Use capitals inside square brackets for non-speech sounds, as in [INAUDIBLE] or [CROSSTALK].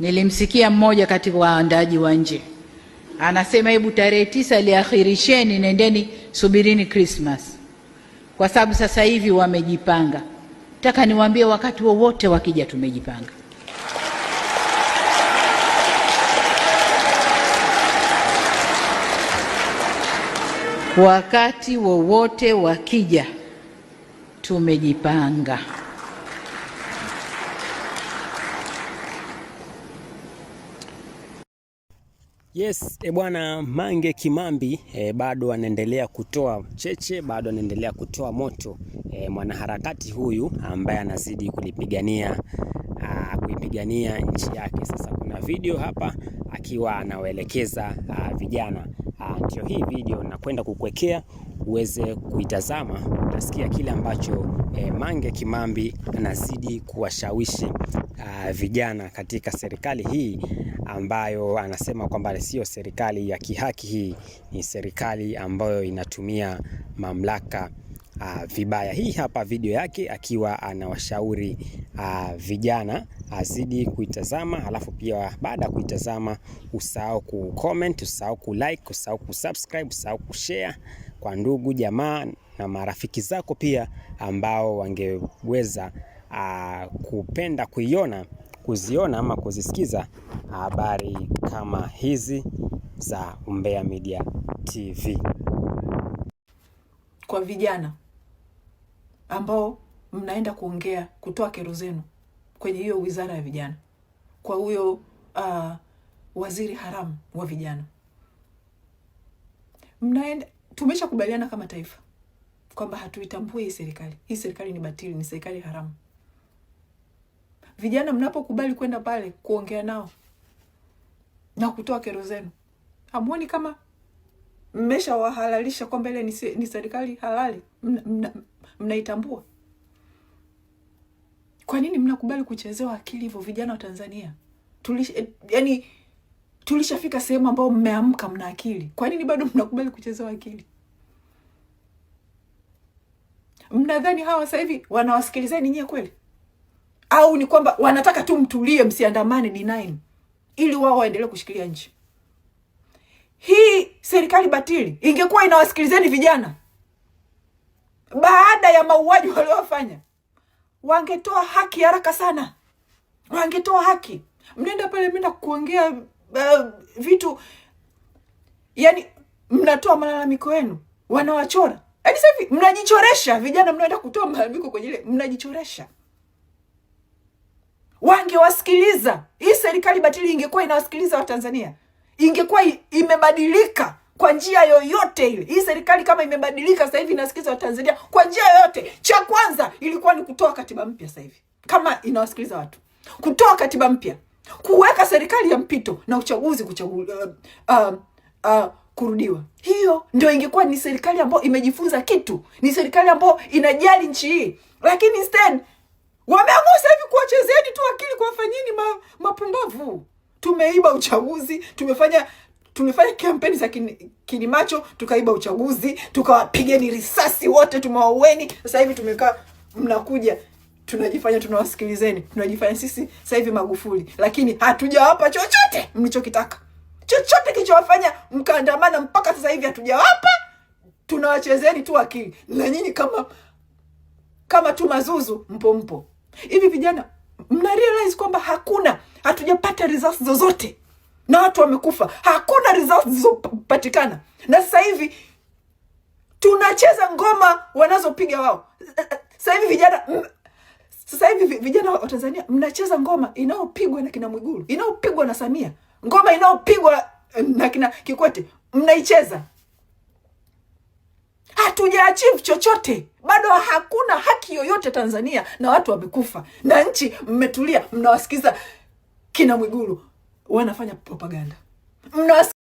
Nilimsikia mmoja kati wa waandaji wa nje anasema, hebu tarehe tisa liakhirisheni, nendeni subirini Krismas kwa sababu sasa hivi wamejipanga. Nataka niwaambie, wakati wowote wakija, tumejipanga. Wakati wowote wakija, tumejipanga. Yes, e bwana Mange Kimambi e, bado anaendelea kutoa cheche, bado anaendelea kutoa moto e, mwanaharakati huyu ambaye anazidi kulipigania a, ah, kuipigania nchi yake. Sasa kuna video hapa akiwa anawaelekeza ah, vijana, ah, ndio hii video nakwenda kukuwekea uweze kuitazama, utasikia kile ambacho e, Mange Kimambi anazidi kuwashawishi uh, vijana katika serikali hii ambayo anasema kwamba sio serikali ya kihaki. Hii ni serikali ambayo inatumia mamlaka uh, vibaya. Hii hapa video yake akiwa anawashauri uh, vijana azidi kuitazama, alafu pia baada ya kuitazama usahau comment, usahau like, usahau subscribe, usahau share kwa ndugu jamaa na marafiki zako pia ambao wangeweza uh, kupenda kuiona kuziona ama kuzisikiza habari kama hizi za Umbea Media TV. Kwa vijana ambao mnaenda kuongea kutoa kero zenu kwenye hiyo wizara ya vijana, kwa huyo uh, waziri haramu wa vijana, mnaenda tumeshakubaliana kama taifa kwamba hatuitambui hii serikali. Hii serikali ni batili, ni serikali haramu. Vijana mnapokubali kwenda pale kuongea nao na kutoa kero zenu, hamuoni kama mmeshawahalalisha kwamba ile ni, serikali halali? Mnaitambua? Kwa nini mnakubali kuchezewa akili hivyo, vijana wa Tanzania? Tulish, eh, yani tulishafika sehemu ambayo mmeamka, mna akili. Kwa nini bado [LAUGHS] mnakubali kuchezewa akili? Mnadhani hawa sasa hivi wanawasikilizeni nyie kweli, au ni kwamba wanataka tu mtulie, msiandamane ni nine, ili wao waendelee kushikilia nchi hii? Serikali batili ingekuwa inawasikilizeni vijana, baada ya mauaji waliofanya, wangetoa haki haraka sana, wangetoa haki. Mnaenda pale, mnaenda kuongea uh, vitu yani, mnatoa malalamiko yenu wanawachora. yani sahivi mnajichoresha, vijana mnaenda kutoa malalamiko kwenye ile, mnajichoresha. Wangewasikiliza, hii serikali batili ingekuwa inawasikiliza Watanzania, ingekuwa imebadilika kwa njia yoyote ile. Hii serikali kama imebadilika sasa hivi inasikiliza Watanzania kwa njia yoyote, cha kwanza ilikuwa ni kutoa katiba mpya. Sasa hivi kama inawasikiliza watu, kutoa katiba mpya kuweka serikali ya mpito na uchaguzi uh, uh, uh, kurudiwa. Hiyo ndio ingekuwa ni serikali ambayo imejifunza kitu, ni serikali ambayo inajali nchi hii, lakini instead wameamua sasa hivi kuwachezeni tu akili, kuwafanyeni ma, mapumbavu. Tumeiba uchaguzi, tumefanya tumefanya kampeni za kinimacho kinimacho, tukaiba uchaguzi, tukawapigeni risasi wote, tumewaueni. Sasa hivi tumekaa mnakuja tunajifanya tunawasikilizeni, tunajifanya sisi sasa hivi Magufuli, lakini hatujawapa chochote mlichokitaka, chochote kilichowafanya mkaandamana mpaka sasa hivi hatujawapa. Tunawachezeni tu akili, na nyinyi kama kama tu mazuzu, mpo mpo hivi. Vijana mna realize kwamba hakuna, hatujapata results zozote na watu wamekufa, hakuna results zilizopatikana, na sasa hivi tunacheza ngoma wanazopiga wao. Sasa hivi vijana sasa hivi vijana wa Tanzania mnacheza ngoma inayopigwa na kina Mwigulu, inayopigwa na Samia, ngoma inayopigwa na kina Kikwete, mnaicheza hatuja achieve chochote bado, hakuna haki yoyote Tanzania, na watu wamekufa na nchi mmetulia. Mnawasikiza kina Mwigulu wanafanya propaganda, mnawasikiza